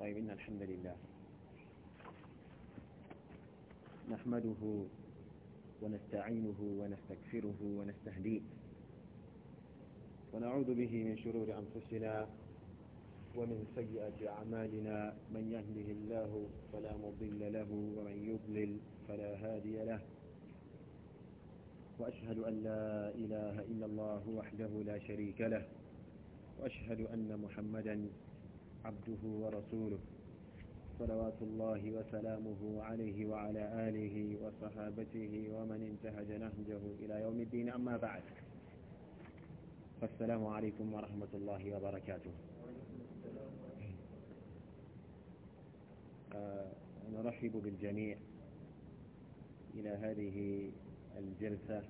طيب إن الحمد لله نحمده ونستعينه ونستكفره ونستهديه ونعوذ به من شرور أنفسنا ومن سيئة أعمالنا من يهده الله فلا مضل له ومن يضلل فلا هادي له وأشهد أن لا إله إلا الله وحده لا شريك له وأشهد أن محمدا عبده ورسوله صلوات الله وسلامه عليه وعلى آله وصحابته ومن انتهج نهجه إلى يوم الدين أما بعد فالسلام عليكم ورحمة الله وبركاته آه، نرحب بالجميع إلى هذه الجلسة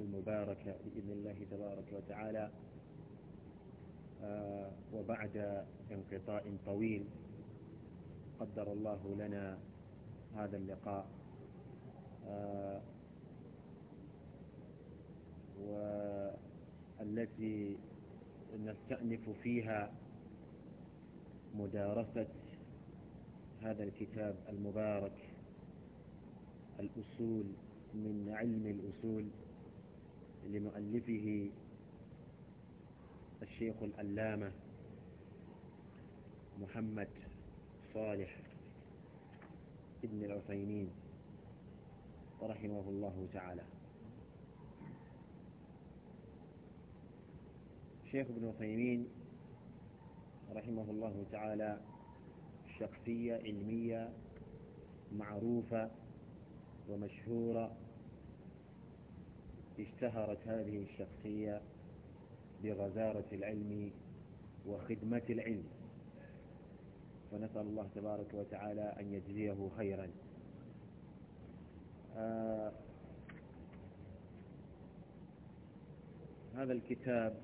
المباركة بإذن الله تبارك وتعالى آه، وبعد انقطاع طويل قدر الله لنا هذا اللقاء آه، والتي نستأنف فيها مدارسة هذا الكتاب المبارك الأصول من علم الأصول لمؤلفه الشيخ الألامة محمد صالح ابن العثيمين رحمه الله تعالى الشيخ ابن عثيمين رحمه الله تعالى شخصية علمية معروفة ومشهورة اشتهرت هذه الشخصية بغزارة العلم وخدمة العلم فنسأل الله تبارك وتعالى أن يجزيه خيرا آه هذا الكتاب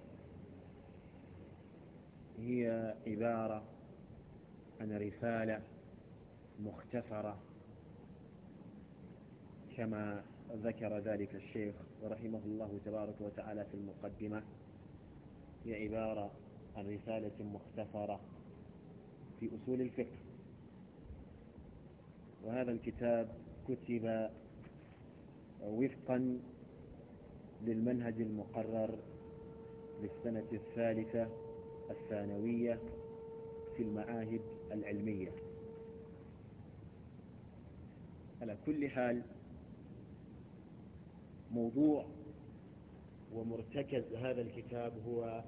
هي عبارة عن رسالة مختصرة كما ذكر ذلك الشيخ رحمه الله تبارك وتعالى في المقدمة هي عبارة عن رسالة مختصرة في أصول الفقه وهذا الكتاب كتب وفقا للمنهج المقرر للسنة الثالثة الثانوية في المعاهد العلمية على كل حال موضوع ومرتكز هذا الكتاب هو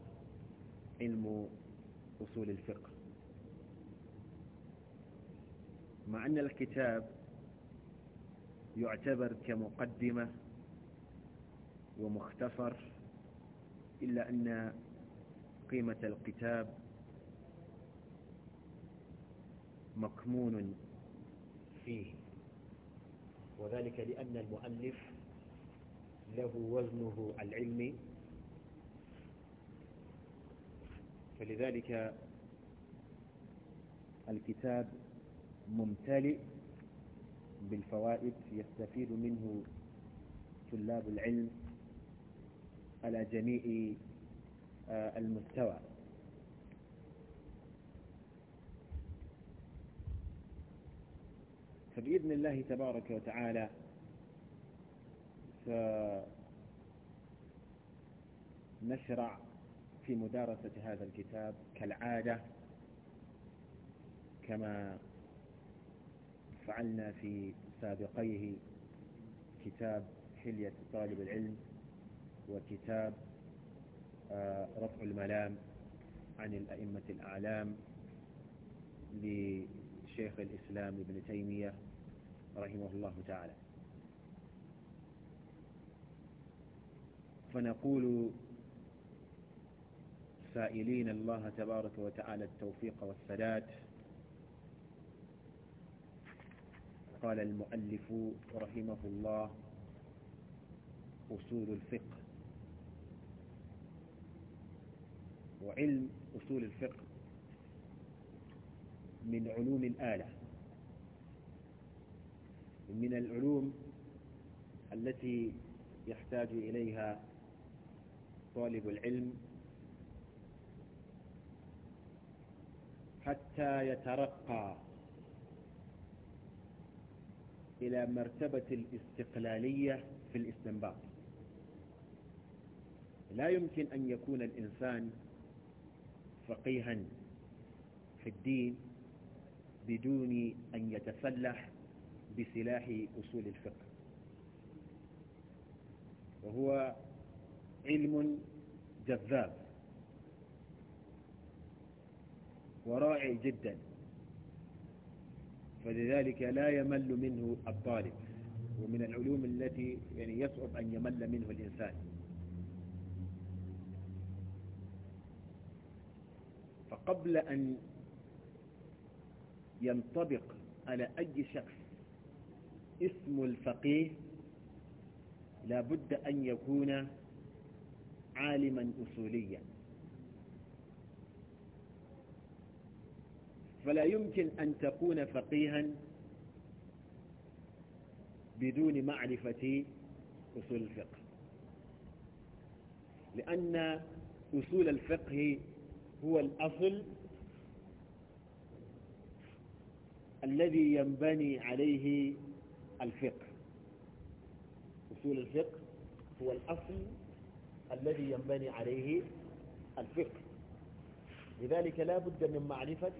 علم أصول الفقه مع أن الكتاب يعتبر كمقدمة ومختصر إلا أن قيمة الكتاب مكمون فيه وذلك لأن المؤلف له وزنه العلمي فلذلك الكتاب ممتلئ بالفوائد يستفيد منه طلاب العلم على جميع آه، المستوى فبإذن الله تبارك وتعالى سنشرع في مدارسة هذا الكتاب كالعادة كما فعلنا في سابقيه كتاب حلية طالب العلم وكتاب آه، رفع الملام عن الأئمة الأعلام لشيخ الإسلام ابن تيمية رحمه الله تعالى فنقول سائلين الله تبارك وتعالى التوفيق والسداد قال المؤلف رحمه الله أصول الفقه وعلم أصول الفقه من علوم الآلة من العلوم التي يحتاج إليها طالب العلم حتى يترقى إلى مرتبة الاستقلالية في الاستنباط لا يمكن أن يكون الإنسان فقيها في الدين بدون أن يتسلح بسلاح أصول الفقه وهو علم جذاب ورائع جدا فلذلك لا يمل منه الطالب ومن العلوم التي يعني يصعب أن يمل منه الإنسان فقبل أن ينطبق على أي شخص اسم الفقيه لابد أن يكون عالما أصوليا فلا يمكن أن تكون فقيها بدون معرفة أصول الفقه لأن أصول الفقه هو الأصل الذي ينبني عليه الفقه أصول الفقه هو الأصل الذي ينبني عليه الفقه لذلك لا بد من معرفة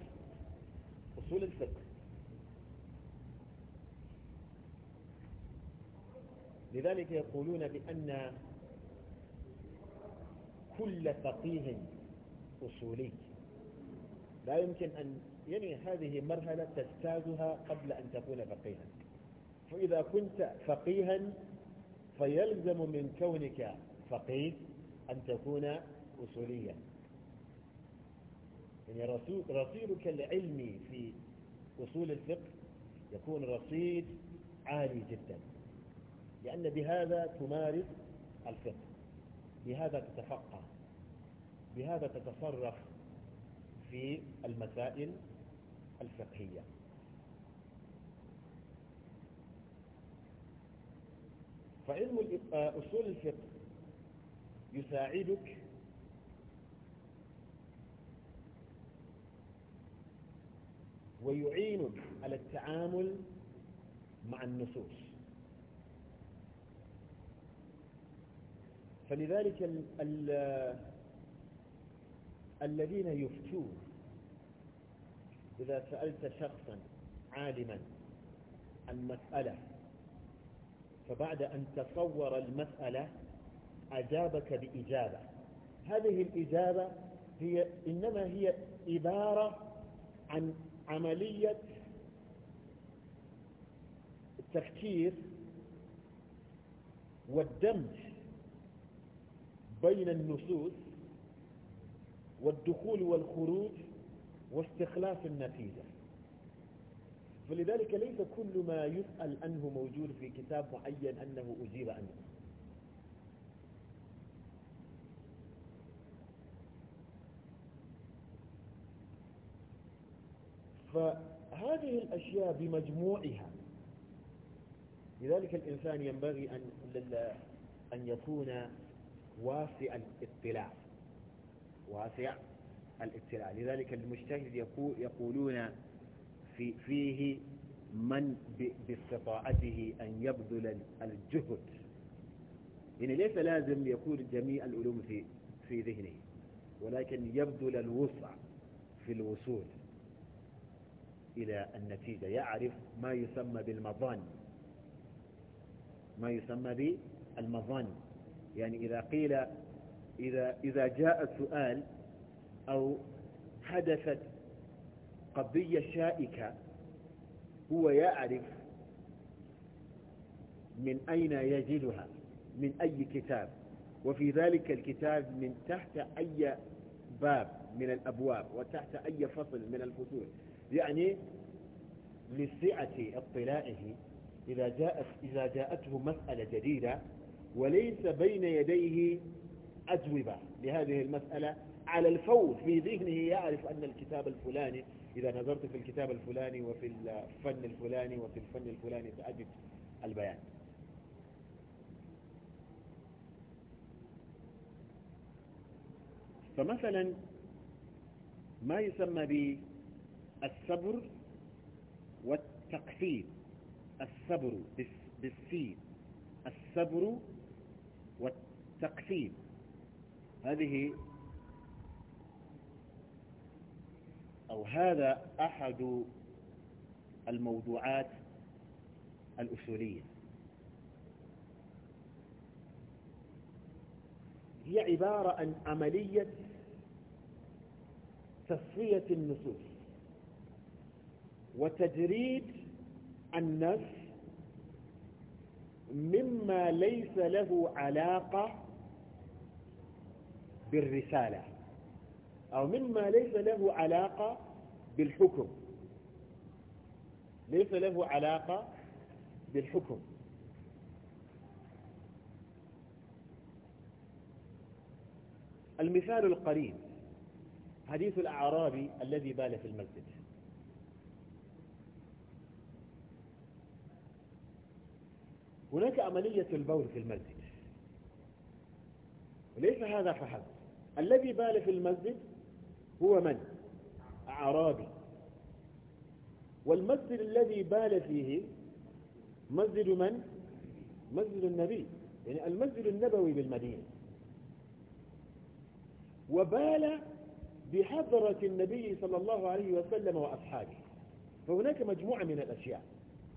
أصول الفقه لذلك يقولون بأن كل فقيه أصولي لا يمكن أن يعني هذه مرحلة تجتازها قبل أن تكون فقيها فإذا كنت فقيها فيلزم من كونك فقيد أن تكون أصوليا يعني رصيدك العلمي في أصول الفقه يكون رصيد عالي جدا لأن بهذا تمارس الفقه بهذا تتفقه بهذا تتصرف في المسائل الفقهية فعلم آه، أصول الفقه يساعدك ويعينك على التعامل مع النصوص فلذلك الـ الـ الذين يفتون إذا سألت شخصا عالما عن مسألة فبعد أن تصور المسألة أجابك بإجابة هذه الإجابة هي إنما هي عبارة عن عملية التفكير والدمج بين النصوص والدخول والخروج واستخلاف النتيجة فلذلك ليس كل ما يسأل عنه موجود في كتاب معين أنه أجيب عنه فهذه الأشياء بمجموعها لذلك الإنسان ينبغي أن, أن يكون واسع الاطلاع واسع الاطلاع لذلك المجتهد يقولون في فيه من باستطاعته أن يبذل الجهد يعني ليس لازم يكون جميع العلوم في, في ذهنه ولكن يبذل الوسع في الوصول إلى النتيجة يعرف ما يسمى بالمظان ما يسمى بالمظان يعني إذا قيل إذا, إذا جاء سؤال أو حدثت قضية شائكة هو يعرف من أين يجدها من أي كتاب وفي ذلك الكتاب من تحت أي باب من الأبواب وتحت أي فصل من الفصول يعني لسعة اطلاعه إذا, جاءت إذا جاءته مسألة جديدة وليس بين يديه أجوبة لهذه المسألة على الفور في ذهنه يعرف أن الكتاب الفلاني إذا نظرت في الكتاب الفلاني وفي الفن الفلاني وفي الفن الفلاني سأجد البيان فمثلا ما يسمى بالصبر والتقسيم الصبر بالسين الصبر والتقسيم هذه أو هذا أحد الموضوعات الأصولية هي عبارة عن عملية تصفية النصوص وتجريد النص مما ليس له علاقة بالرسالة أو مما ليس له علاقة بالحكم ليس له علاقة بالحكم المثال القريب حديث الأعرابي الذي بال في المسجد هناك عملية البول في المسجد وليس هذا فحسب الذي بال في المسجد هو من أعرابي والمسجد الذي بال فيه مسجد من مسجد النبي يعني المسجد النبوي بالمدينة وبال بحضرة النبي صلى الله عليه وسلم وأصحابه فهناك مجموعة من الأشياء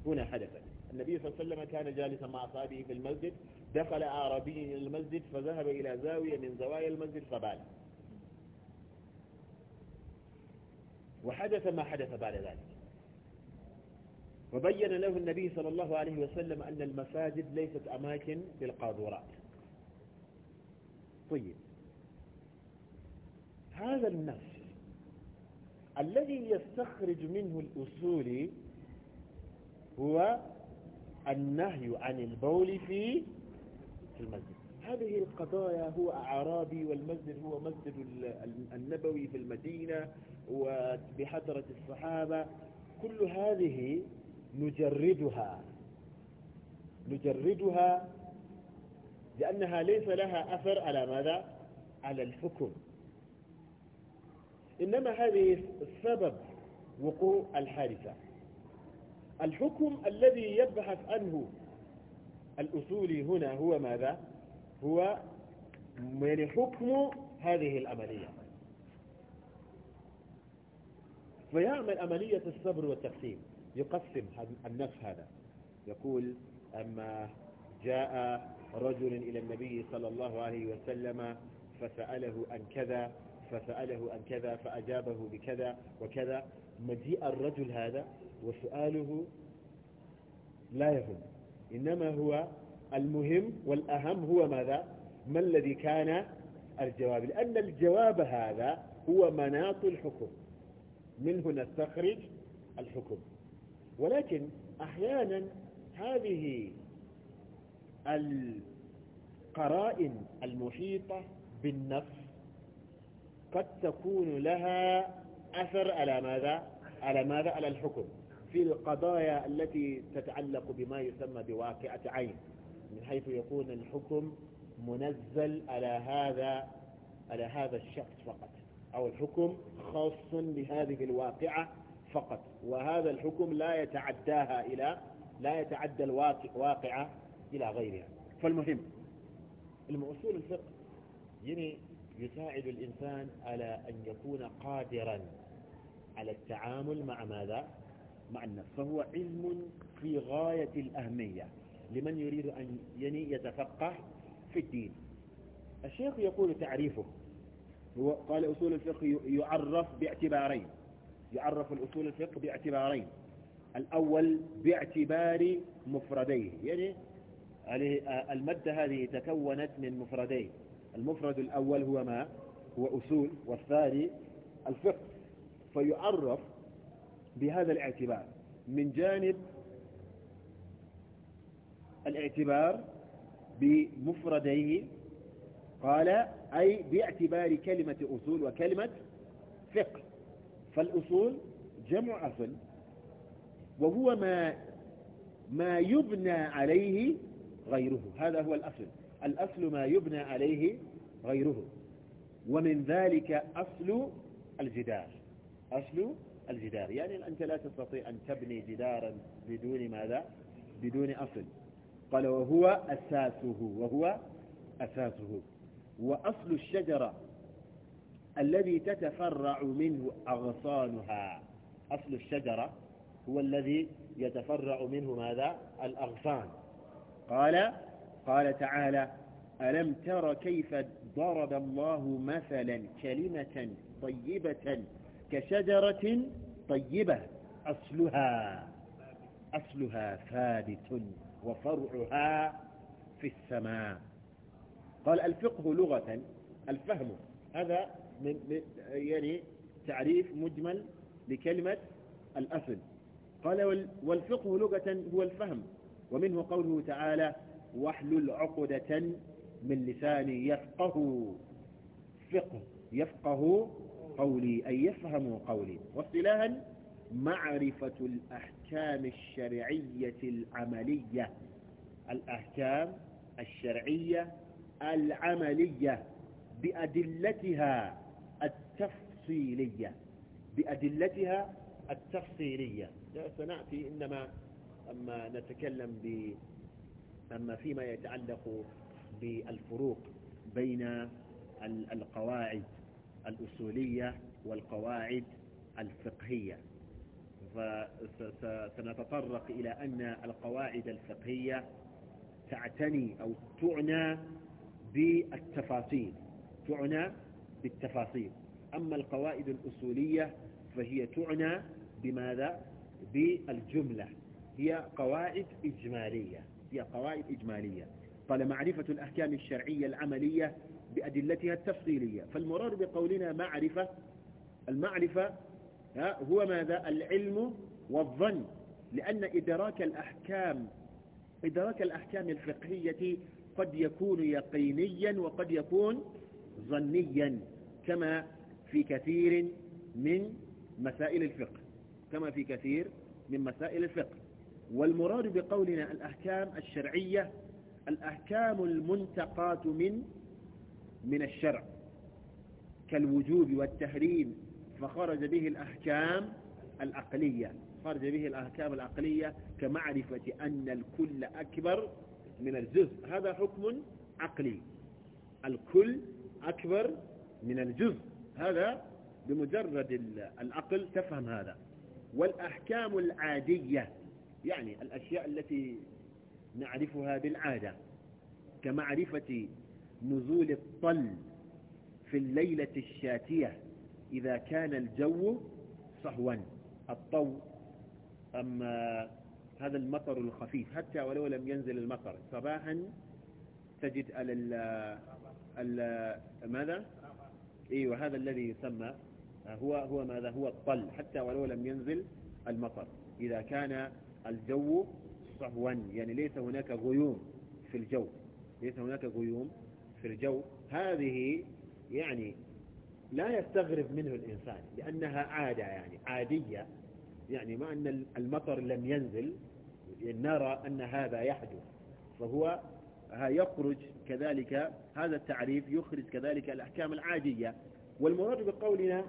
هنا حدثت النبي صلى الله عليه وسلم كان جالسا مع أصحابه في المسجد دخل أعرابي إلى المسجد فذهب إلى زاوية من زوايا المسجد فبال وحدث ما حدث بعد ذلك وبين له النبي صلى الله عليه وسلم أن المساجد ليست أماكن للقاذورات طيب هذا النفس الذي يستخرج منه الأصول هو النهي عن البول في في المسجد هذه القضايا هو أعرابي والمسجد هو مسجد النبوي في المدينة وبحضرة الصحابة كل هذه نجردها نجردها لأنها ليس لها أثر على ماذا؟ على الحكم إنما هذه السبب وقوع الحادثة الحكم الذي يبحث عنه الأصولي هنا هو ماذا هو من حكم هذه العملية فيعمل عملية الصبر والتقسيم يقسم النفس هذا يقول أما جاء رجل إلى النبي صلى الله عليه وسلم فسأله عن كذا فسأله عن كذا فأجابه بكذا وكذا مجيء الرجل هذا وسؤاله لا يهم إنما هو المهم والأهم هو ماذا ما الذي كان الجواب لأن الجواب هذا هو مناط الحكم من هنا استخرج الحكم ولكن أحيانا هذه القرائن المحيطة بالنفس قد تكون لها أثر على ماذا على ماذا على الحكم في القضايا التي تتعلق بما يسمى بواقعة عين من حيث يكون الحكم منزل على هذا على هذا الشخص فقط أو الحكم خاص بهذه الواقعة فقط وهذا الحكم لا يتعداها إلى لا يتعدى الواقعة إلى غيرها فالمهم المؤصول الفقه يعني يساعد الإنسان على أن يكون قادرا على التعامل مع ماذا؟ مع النفس فهو علم في غاية الأهمية لمن يريد أن يعني يتفقه في الدين الشيخ يقول تعريفه هو قال أصول الفقه يعرف باعتبارين يعرف الأصول الفقه باعتبارين الأول باعتبار مفرديه يعني آه، المادة هذه تكونت من مفردين المفرد الأول هو ما هو أصول والثاني الفقه فيعرف بهذا الاعتبار من جانب الاعتبار بمفرديه قال أي باعتبار كلمة أصول وكلمة فقه فالأصول جمع أصل وهو ما ما يبنى عليه غيره هذا هو الأصل الأصل ما يبنى عليه غيره ومن ذلك أصل الجدار أصل الجدار يعني أنت لا تستطيع أن تبني جدارا بدون ماذا بدون أصل قال وهو أساسه وهو أساسه وأصل الشجرة الذي تتفرع منه أغصانها أصل الشجرة هو الذي يتفرع منه ماذا الأغصان قال قال تعالى ألم تر كيف ضرب الله مثلا كلمة طيبة كشجرة طيبة أصلها أصلها ثابت وفرعها في السماء قال الفقه لغة الفهم هذا من يعني تعريف مجمل لكلمة الأصل قال والفقه لغة هو الفهم ومنه قوله تعالى واحلل عقدة من لساني يفقه فقه يفقه قولي أي يفهم قولي واصطلاحا معرفة الأحكام الشرعية العملية الأحكام الشرعية العملية بأدلتها التفصيلية بأدلتها التفصيلية سنأتي إنما أما نتكلم ب أما فيما يتعلق بالفروق بين القواعد الأصولية والقواعد الفقهية فسنتطرق إلى أن القواعد الفقهية تعتني أو تعنى بالتفاصيل تعنى بالتفاصيل أما القواعد الأصولية فهي تعنى بماذا؟ بالجملة هي قواعد إجمالية هي قواعد إجمالية قال معرفة الأحكام الشرعية العملية بأدلتها التفصيلية فالمراد بقولنا معرفة المعرفة هو ماذا العلم والظن لأن إدراك الأحكام إدراك الأحكام الفقهية قد يكون يقينيا وقد يكون ظنيا كما في كثير من مسائل الفقه كما في كثير من مسائل الفقه والمراد بقولنا الأحكام الشرعية الأحكام المنتقاة من من الشرع كالوجوب والتحريم فخرج به الأحكام العقلية خرج به الأحكام العقلية كمعرفة أن الكل أكبر من الجزء هذا حكم عقلي الكل أكبر من الجزء هذا بمجرد العقل تفهم هذا والأحكام العادية يعني الأشياء التي نعرفها بالعادة كمعرفة نزول الطل في الليلة الشاتية إذا كان الجو صهوا الطو أما هذا المطر الخفيف حتى ولو لم ينزل المطر صباحا تجد على ال ماذا ايوه هذا الذي يسمى هو هو ماذا هو الطل حتى ولو لم ينزل المطر إذا كان الجو صهوا يعني ليس هناك غيوم في الجو ليس هناك غيوم في الجو هذه يعني لا يستغرب منه الإنسان لأنها عادة يعني عادية يعني ما أن المطر لم ينزل نرى أن هذا يحدث فهو يخرج كذلك هذا التعريف يخرج كذلك الأحكام العادية والمراد بقولنا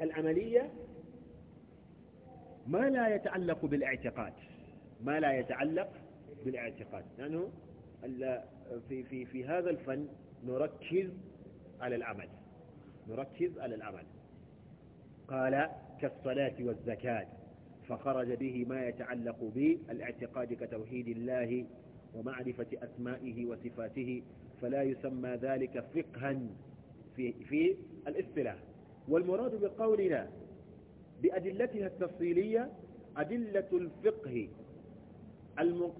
العملية ما لا يتعلق بالاعتقاد ما لا يتعلق بالاعتقاد لأنه في, في, في هذا الفن نركز على العمل نركز على العمل قال كالصلاة والزكاة فخرج به ما يتعلق بالاعتقاد كتوحيد الله ومعرفة أسمائه وصفاته فلا يسمى ذلك فقها في, في الاصطلاح والمراد بقولنا بأدلتها التفصيلية أدلة الفقه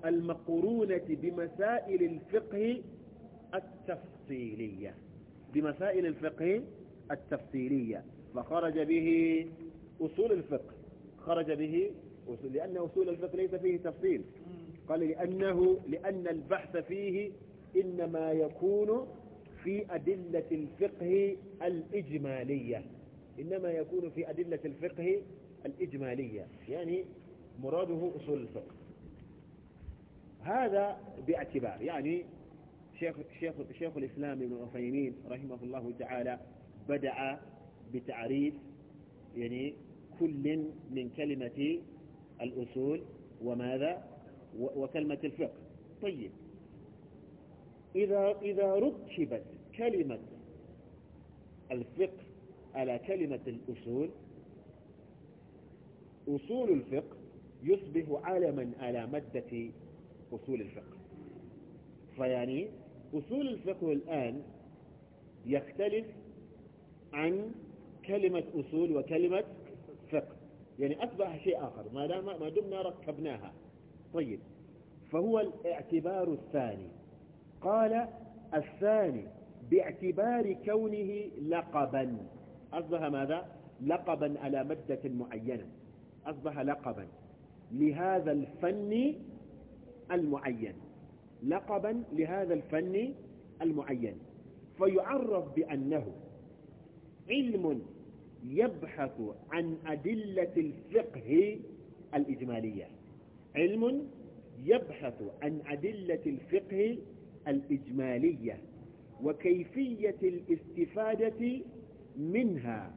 المقرونة بمسائل الفقه التفصيلية بمسائل الفقه التفصيلية فخرج به أصول الفقه خرج به أصول لأن أصول الفقه ليس فيه تفصيل قال لأنه لأن البحث فيه إنما يكون في أدلة الفقه الإجمالية إنما يكون في أدلة الفقه الإجمالية يعني مراده أصول الفقه هذا باعتبار يعني شيخ, شيخ, شيخ الإسلام ابن عثيمين رحمه الله تعالى بدأ بتعريف يعني كل من كلمة الأصول وماذا وكلمة الفقه طيب إذا, إذا ركبت كلمة الفقه على كلمة الأصول أصول الفقه يصبح علما على مادة أصول الفقه فيعني أصول الفقه الآن يختلف عن كلمة أصول وكلمة فقه يعني أصبح شيء آخر ما, دام ما دمنا ركبناها طيب فهو الاعتبار الثاني قال الثاني باعتبار كونه لقبا أصبح ماذا لقبا على مدة معينة أصبح لقبا لهذا الفن المعين لقبا لهذا الفن المعين فيعرف بأنه علم يبحث عن أدلة الفقه الإجمالية علم يبحث عن أدلة الفقه الإجمالية وكيفية الاستفادة منها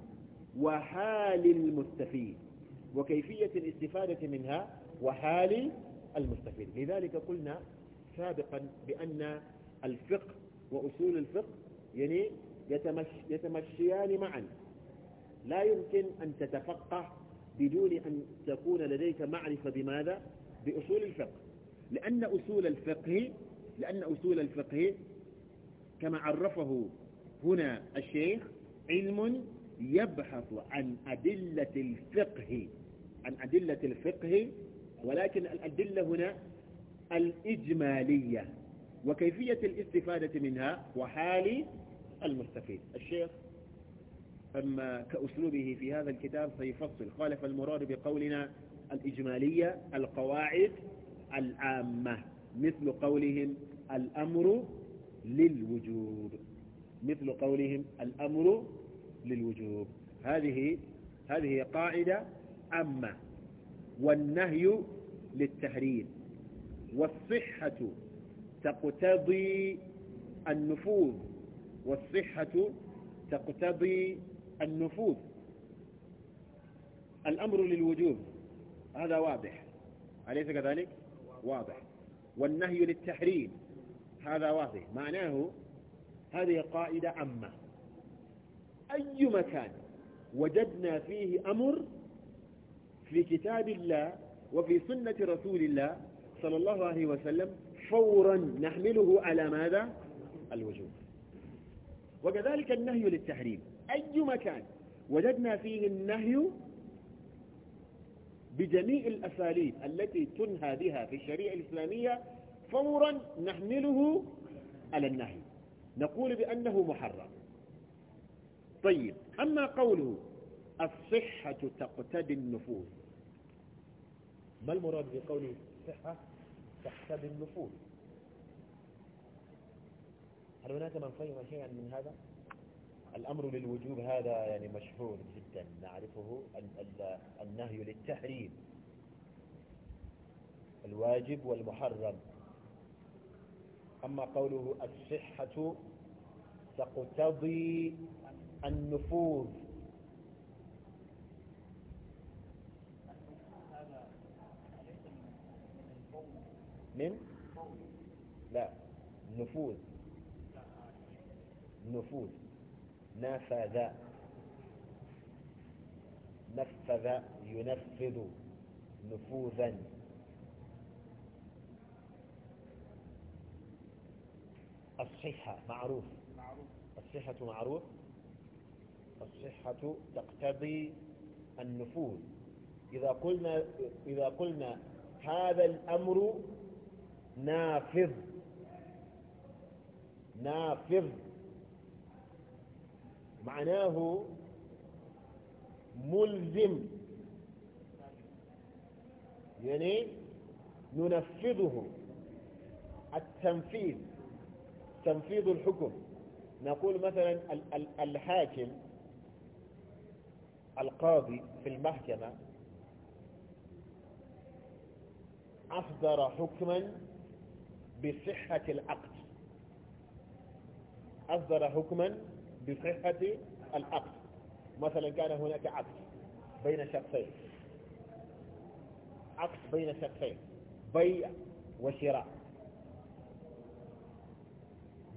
وحال المستفيد وكيفية الاستفادة منها وحال المستفيد لذلك قلنا سابقا بأن الفقه وأصول الفقه يعني يتمش يتمشيان معا لا يمكن أن تتفقه بدون أن تكون لديك معرفة بماذا بأصول الفقه لأن أصول الفقه لأن أصول الفقه كما عرفه هنا الشيخ علم يبحث عن أدلة الفقه عن أدلة الفقه ولكن الأدلة هنا الإجمالية وكيفية الاستفادة منها وحال المستفيد الشيخ أما كأسلوبه في هذا الكتاب سيفصل خالف المراد بقولنا الإجمالية القواعد العامة مثل قولهم الأمر للوجوب مثل قولهم الأمر للوجوب هذه هذه قاعدة أما والنهي للتحريم والصحة تقتضي النفوذ والصحة تقتضي النفوذ الأمر للوجوب هذا واضح أليس كذلك؟ واضح والنهي للتحريم هذا واضح معناه هذه قاعدة عامة أي مكان وجدنا فيه أمر في كتاب الله وفي سنة رسول الله صلى الله عليه وسلم فورا نحمله على ماذا؟ الوجوب وكذلك النهي للتحريم أي مكان وجدنا فيه النهي بجميع الأساليب التي تنهى بها في الشريعة الإسلامية فورا نحمله على النهي نقول بأنه محرم طيب أما قوله الصحة تقتدي النفوذ ما المراد بقوله الصحة تقتدي النفوذ هل هناك من فهم شيئا من هذا الأمر للوجوب هذا يعني مشهور جدا نعرفه النهي للتحريم الواجب والمحرم أما قوله الصحة تقتضي النفوذ من لا نفوذ نفوذ نفذ نفذ ينفذ نفوذا الصحة معروف الصحة معروف الصحة تقتضي النفوذ إذا قلنا, إذا قلنا هذا الأمر نافذ نافذ معناه ملزم يعني ننفذه التنفيذ تنفيذ الحكم نقول مثلا الحاكم القاضي في المحكمة أصدر حكما بصحة العقد أصدر حكما بصحة العقد مثلا كان هناك عقد بين شخصين عقد بين شخصين بيع وشراء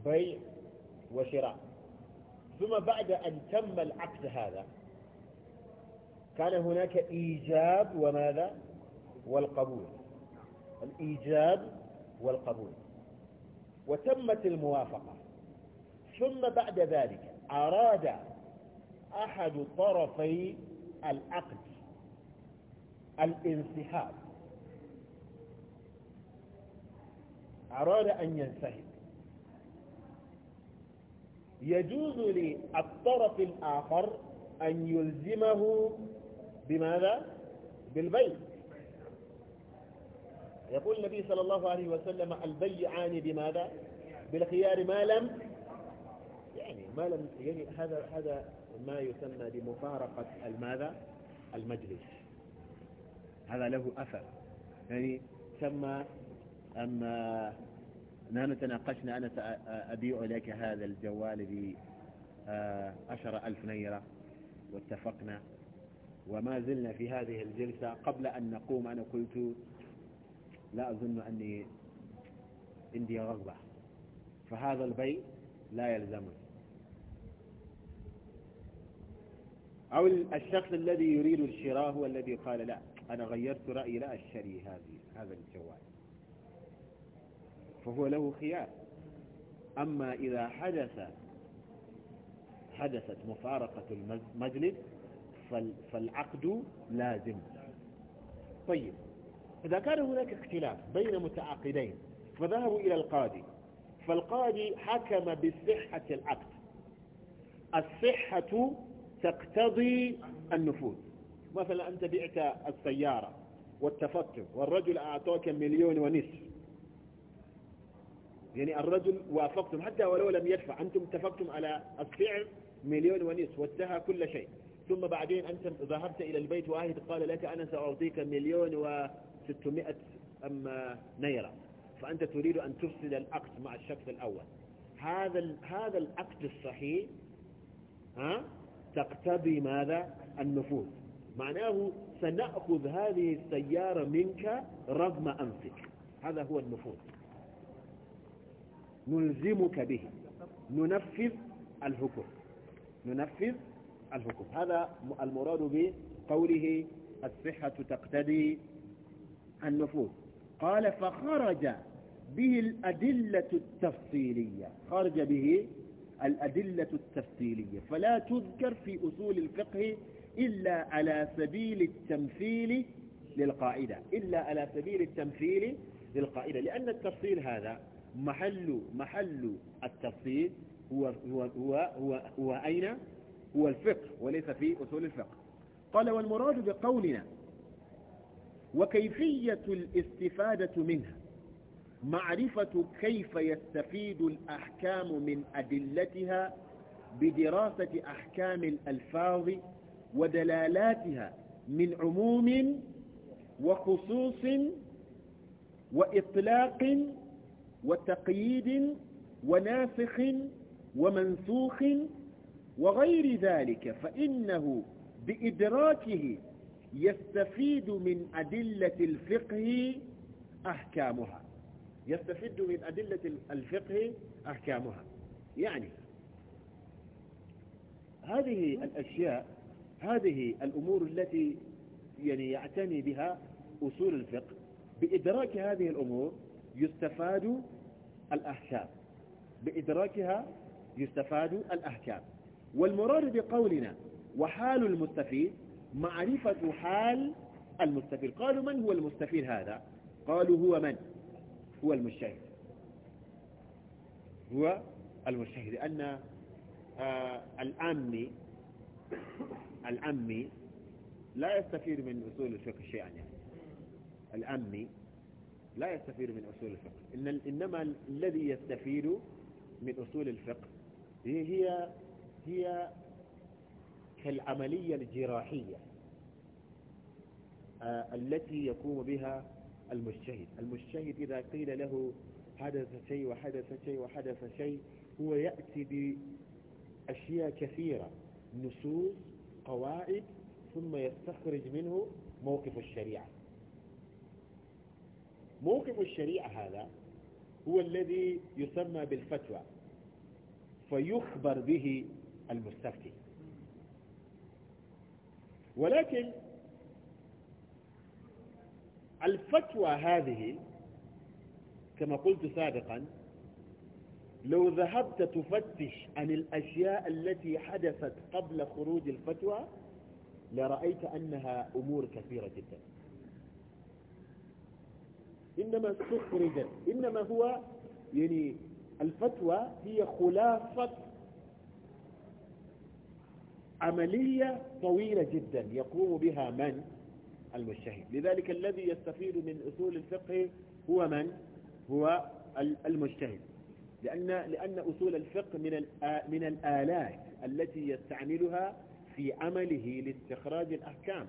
بيع وشراء ثم بعد أن تم العقد هذا كان هناك إيجاب وماذا والقبول الإيجاب والقبول وتمت الموافقة ثم بعد ذلك أراد أحد طرفي العقد الانسحاب أراد أن ينسحب يجوز للطرف الآخر أن يلزمه بماذا؟ بالبيع يقول النبي صلى الله عليه وسلم البيعان بماذا؟ بالخيار ما لم يعني ما لم يعني هذا هذا ما يسمى بمفارقة الماذا؟ المجلس هذا له أثر يعني تم أما نحن تناقشنا أنا سأبيع لك هذا الجوال ب 10000 آه، ليرة واتفقنا وما زلنا في هذه الجلسة قبل أن نقوم أنا قلت لا أظن أني عندي رغبة فهذا البيع لا يلزمني أو الشخص الذي يريد الشراء هو الذي قال لا أنا غيرت رأيي لا أشتري هذه هذا الجوال فهو له خيار أما إذا حدث حدثت مفارقة المجلس فالعقد لازم طيب إذا كان هناك اختلاف بين متعاقدين فذهبوا إلى القاضي فالقاضي حكم بصحة العقد الصحة تقتضي النفوذ مثلا أنت بعت السيارة والتفطن والرجل أعطاك مليون ونصف يعني الرجل وافقتم حتى ولو لم يدفع أنتم اتفقتم على السعر مليون ونصف وانتهى كل شيء ثم بعدين أنت ذهبت إلى البيت واحد قال لك أنا سأعطيك مليون وستمائة أم نيرة فأنت تريد أن تفسد العقد مع الشخص الأول هذا هذا العقد الصحيح ها تقتضي ماذا النفوذ معناه سنأخذ هذه السيارة منك رغم أنفك هذا هو النفوذ نلزمك به ننفذ الحكم ننفذ الحكم هذا المراد بقوله الصحة تقتدي النفوذ قال فخرج به الأدلة التفصيلية خرج به الأدلة التفصيلية فلا تذكر في أصول الفقه إلا على سبيل التمثيل للقاعدة إلا على سبيل التمثيل للقاعدة لأن التفصيل هذا محل محل التفصيل هو هو هو هو, هو أين هو الفقه وليس في أصول الفقه قال والمراد بقولنا وكيفية الاستفادة منها معرفة كيف يستفيد الأحكام من أدلتها بدراسة أحكام الألفاظ ودلالاتها من عموم وخصوص وإطلاق وتقييد وناسخ ومنسوخ وغير ذلك فإنه بإدراكه يستفيد من أدلة الفقه أحكامها يستفيد من أدلة الفقه أحكامها يعني هذه الأشياء هذه الأمور التي يعني يعتني بها أصول الفقه بإدراك هذه الأمور يستفاد الأحكام بإدراكها يستفاد الأحكام والمراد بقولنا وحال المستفيد معرفة حال المستفيد قالوا من هو المستفيد هذا قالوا هو من هو المجتهد هو المجتهد أن آه، الأم العامي العامي لا يستفيد من أصول الفقه شيئا يعني العامي لا يستفيد من أصول الفقه إن إنما الذي يستفيد من أصول الفقه هي هي, هي كالعملية الجراحية آه، التي يقوم بها المجتهد المجتهد إذا قيل له حدث شيء وحدث شيء وحدث شيء هو يأتي بأشياء كثيرة نصوص قواعد ثم يستخرج منه موقف الشريعة موقف الشريعة هذا هو الذي يسمى بالفتوى فيخبر به المستفتي ولكن الفتوى هذه كما قلت سابقا لو ذهبت تفتش عن الأشياء التي حدثت قبل خروج الفتوى لرأيت أنها أمور كثيرة جدا إنما تخرج إنما هو يعني الفتوى هي خلافة عملية طويلة جدا يقوم بها من المجتهد لذلك الذي يستفيد من أصول الفقه هو من هو المجتهد لأن, لأن أصول الفقه من, من الآلات التي يستعملها في عمله لاستخراج الأحكام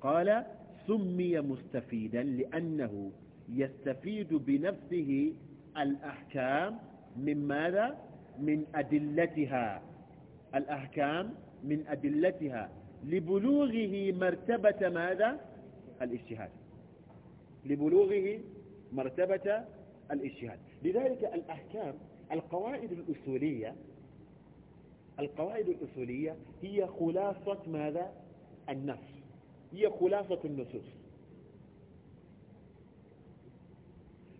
قال سمي مستفيدا لأنه يستفيد بنفسه الأحكام من ماذا؟ من أدلتها الأحكام من أدلتها لبلوغه مرتبة ماذا؟ الاجتهاد لبلوغه مرتبة الاجتهاد لذلك الأحكام القواعد الأصولية القواعد الأصولية هي خلاصة ماذا؟ النص هي خلاصة النصوص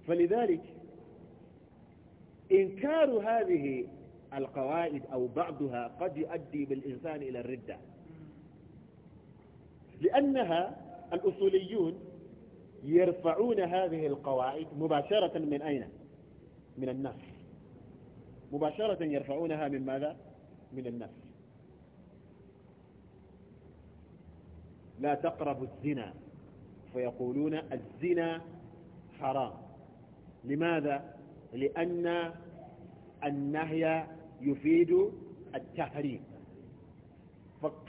فلذلك إنكار هذه القواعد أو بعضها قد يؤدي بالإنسان إلى الردة لأنها الأصوليون يرفعون هذه القواعد مباشرة من أين؟ من النفس مباشرة يرفعونها من ماذا؟ من النفس لا تقربوا الزنا فيقولون الزنا حرام لماذا لأن النهي يفيد التحريم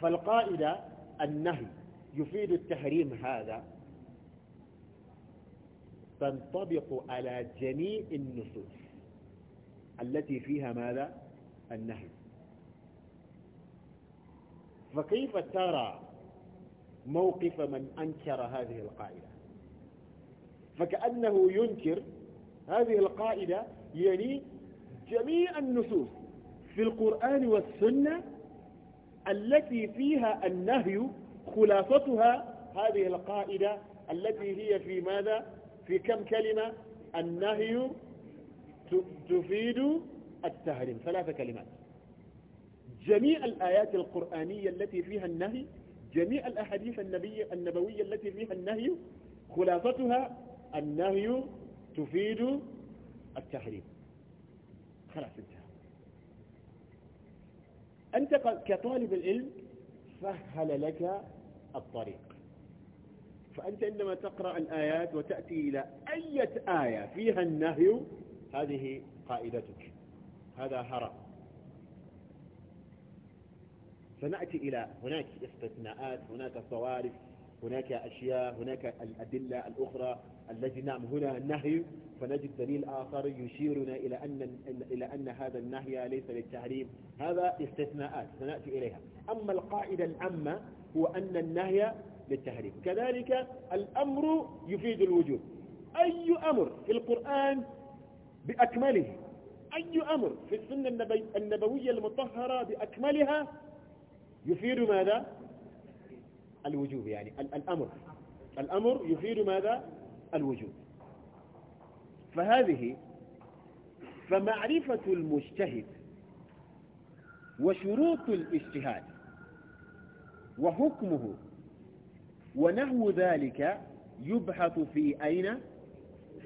فالقائدة النهي يفيد التحريم هذا تنطبق على جميع النصوص التي فيها ماذا النهي فكيف ترى موقف من أنكر هذه القاعدة فكأنه ينكر هذه القاعدة يعني جميع النصوص في القرآن والسنة التي فيها النهي خلافتها هذه القاعدة التي هي في ماذا في كم كلمة النهي تفيد التهريم ثلاث كلمات جميع الآيات القرآنية التي فيها النهي جميع الأحاديث النبي النبوية التي فيها النهي خلافتها النهي تفيد التحريم خلاص انتهى أنت كطالب العلم سهل لك الطريق فأنت عندما تقرأ الآيات وتأتي إلى أي آية فيها النهي هذه قائدتك هذا هرم سنأتي إلى هناك استثناءات هناك صوارف هناك أشياء هناك الأدلة الأخرى التي نعم هنا نهي فنجد دليل آخر يشيرنا إلى أن, إلى أن هذا النهي ليس للتحريم هذا استثناءات سنأتي إليها أما القاعدة العامة هو أن النهي للتحريم كذلك الأمر يفيد الوجوب أي أمر في القرآن بأكمله أي أمر في السنة النبوية المطهرة بأكملها يفيد ماذا الوجوب يعني الأمر الأمر يفيد ماذا الوجود فهذه فمعرفة المجتهد وشروط الاجتهاد وحكمه ونحو ذلك يبحث في أين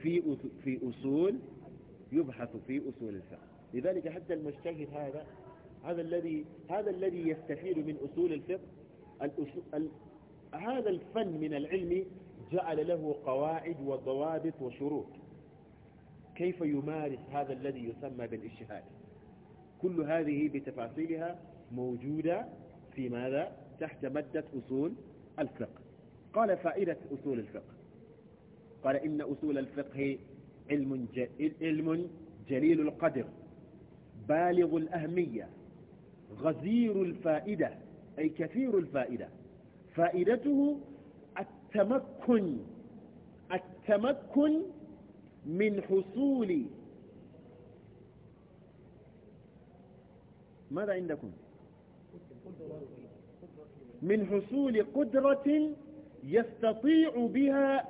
في في أصول يبحث في أصول الفقه لذلك حتى المجتهد هذا هذا الذي هذا الذي يستفيد من أصول الفقه هذا الفن من العلم جعل له قواعد وضوابط وشروط كيف يمارس هذا الذي يسمى بالاجتهاد كل هذه بتفاصيلها موجودة في ماذا تحت مادة أصول الفقه قال فائدة أصول الفقه قال إن أصول الفقه علم, علم جليل القدر بالغ الأهمية غزير الفائدة أي كثير الفائدة فائدته التمكن التمكن من حصول ماذا عندكم من حصول قدرة يستطيع بها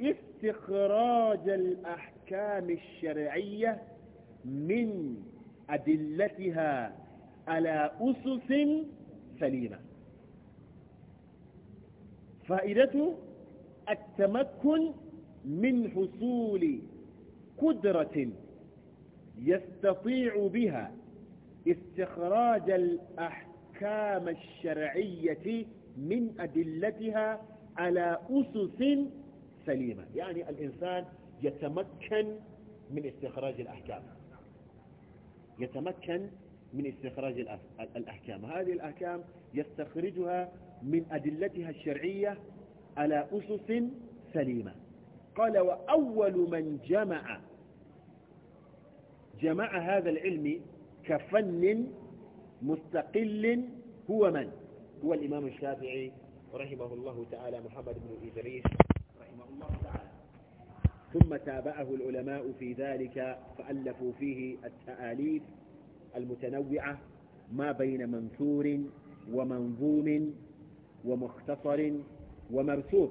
استخراج الأحكام الشرعية من أدلتها على أسس سليمة فائدته التمكن من حصول قدرة يستطيع بها استخراج الأحكام الشرعية من أدلتها على أسس سليمة يعني الإنسان يتمكن من استخراج الأحكام يتمكن من استخراج الأحكام هذه الأحكام يستخرجها من أدلتها الشرعية على أسس سليمة قال وأول من جمع جمع هذا العلم كفن مستقل هو من هو الإمام الشافعي رحمه الله تعالى محمد بن إدريس رحمه الله تعالى ثم تابعه العلماء في ذلك فألفوا فيه التآليف المتنوعة ما بين منثور ومنظوم ومختصر ومرسوط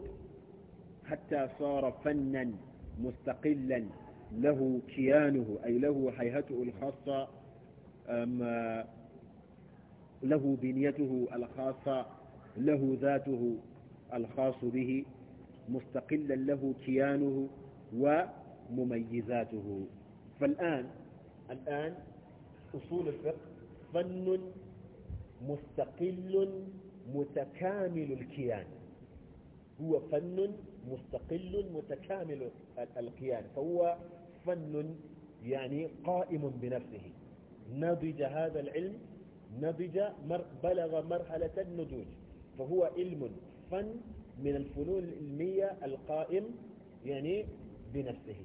حتى صار فنا مستقلا له كيانه أي له هيئته الخاصة له بنيته الخاصة له ذاته الخاص به مستقلا له كيانه ومميزاته فالآن الآن أصول الفقه فن مستقل متكامل الكيان هو فن مستقل متكامل الكيان فهو فن يعني قائم بنفسه نضج هذا العلم نضج مر بلغ مرحلة النضوج فهو علم فن من الفنون العلمية القائم يعني بنفسه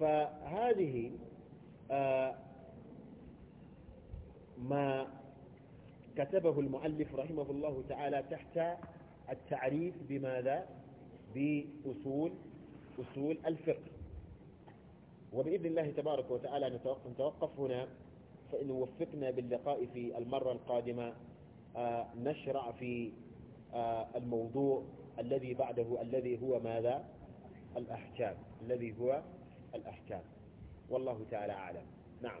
فهذه آه ما كتبه المؤلف رحمه الله تعالى تحت التعريف بماذا بأصول أصول الفقه وبإذن الله تبارك وتعالى نتوقف هنا فإن وفقنا باللقاء في المرة القادمة آه، نشرع في آه، الموضوع الذي بعده الذي هو ماذا الأحكام الذي هو الأحكام والله تعالى أعلم نعم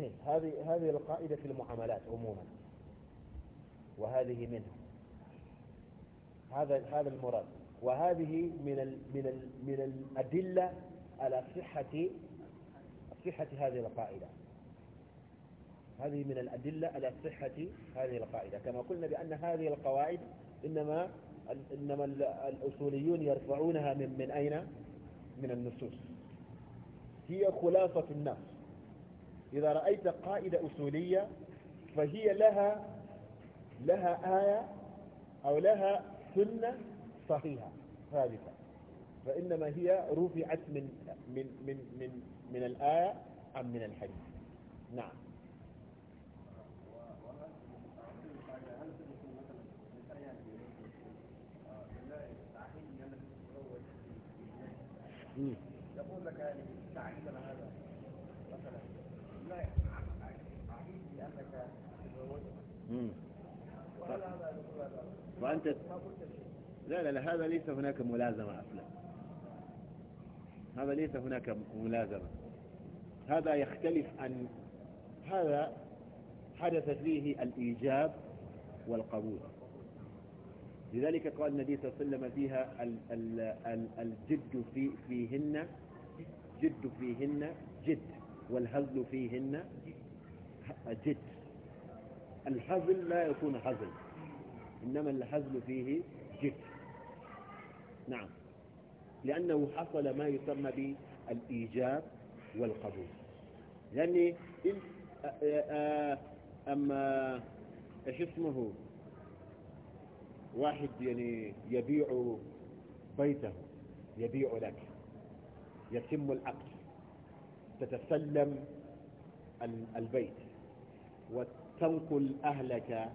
صحيح هذه هذه القاعدة في المعاملات عموما وهذه منها هذا هذا المراد وهذه من الـ من الـ من الأدلة على صحة صحة هذه القاعدة هذه من الأدلة على صحة هذه القاعدة كما قلنا بأن هذه القواعد إنما إنما الأصوليون يرفعونها من من أين؟ من النصوص هي خلاصة النص إذا رأيت قائدة أصولية فهي لها لها آية أو لها سنة صحيحة ثابتة فإنما هي رفعت من من من من من الآية أم من الحديث نعم يقول لك يعني تعليم هذا وأنت لا لا لا هذا ليس هناك ملازمة أصلا هذا ليس هناك ملازمة هذا يختلف عن هذا حدث فيه الإيجاب والقبول لذلك قال النبي صلى الله عليه وسلم فيها ال ال ال الجد في فيهن جد فيهن جد والهزل فيهن جد الهزل لا يكون هزل إنما الهزل فيه جد نعم لأنه حصل ما يسمى بالإيجاب والقبول لأن أما إيش اسمه واحد يعني يبيع بيته يبيع لك يتم العقد تتسلم البيت وتنقل أهلك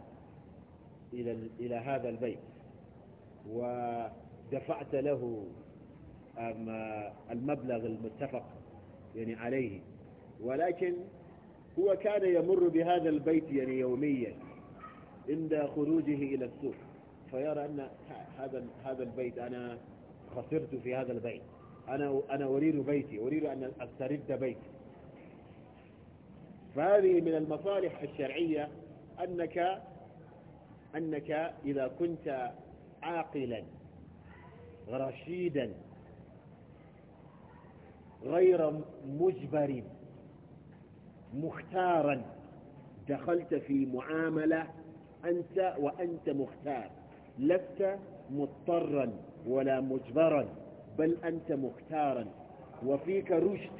إلى, إلى هذا البيت ودفعت له المبلغ المتفق يعني عليه ولكن هو كان يمر بهذا البيت يعني يوميا عند خروجه إلى السوق فيرى أن هذا هذا البيت أنا خسرت في هذا البيت أنا أنا أريد بيتي أريد أن أسترد بيتي فهذه من المصالح الشرعية أنك أنك إذا كنت عاقلا رشيدا غير مجبر مختارا دخلت في معاملة أنت وأنت مختار لست مضطرا ولا مجبرا بل أنت مختارا وفيك رشد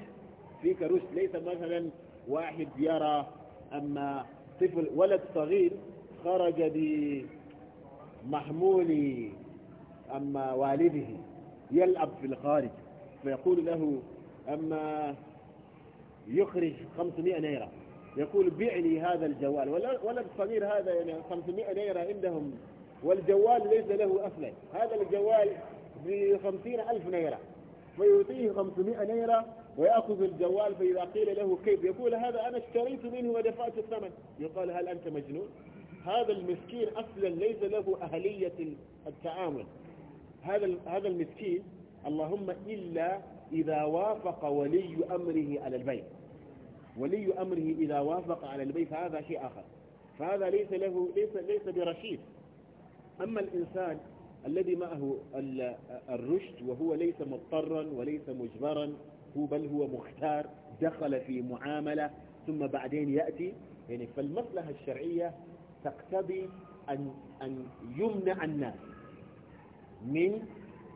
فيك رشد ليس مثلا واحد يرى أما طفل ولد صغير خرج بمحمول أما والده يلعب في الخارج فيقول له أما يخرج 500 ليرة يقول بيع لي هذا الجوال ولد صغير هذا يعني 500 ليرة عندهم والجوال ليس له أفلس هذا الجوال ب 50000 ليرة فيعطيه 500 ليرة ويأخذ الجوال فإذا قيل له كيف يقول هذا أنا اشتريت منه ودفعت الثمن يقال هل أنت مجنون هذا المسكين أصلا ليس له أهلية التعامل هذا هذا المسكين اللهم إلا إذا وافق ولي أمره على البيع ولي أمره إذا وافق على البيع فهذا شيء آخر فهذا ليس له ليس ليس برشيد أما الإنسان الذي معه الرشد وهو ليس مضطرا وليس مجبرا هو بل هو مختار دخل في معاملة ثم بعدين يأتي يعني فالمصلحة الشرعية تقتضي أن, أن يمنع الناس من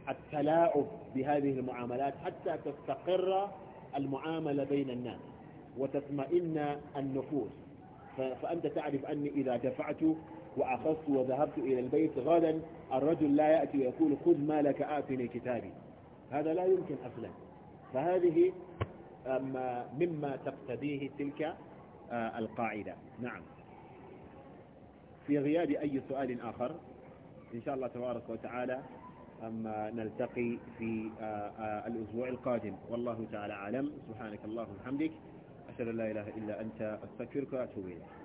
التلاعب بهذه المعاملات حتى تستقر المعاملة بين الناس وتطمئن النفوس فأنت تعرف أني إذا دفعت وأخذت وذهبت إلى البيت غدا الرجل لا يأتي ويقول خذ مالك آتني كتابي هذا لا يمكن أصلا فهذه مما تقتضيه تلك آه، القاعدة نعم في غياب أي سؤال آخر إن شاء الله تبارك وتعالى أما نلتقي في آه، آه، الأسبوع القادم والله تعالى أعلم سبحانك اللهم وبحمدك أشهد أن لا إله إلا أنت أستغفرك وأتوب إليك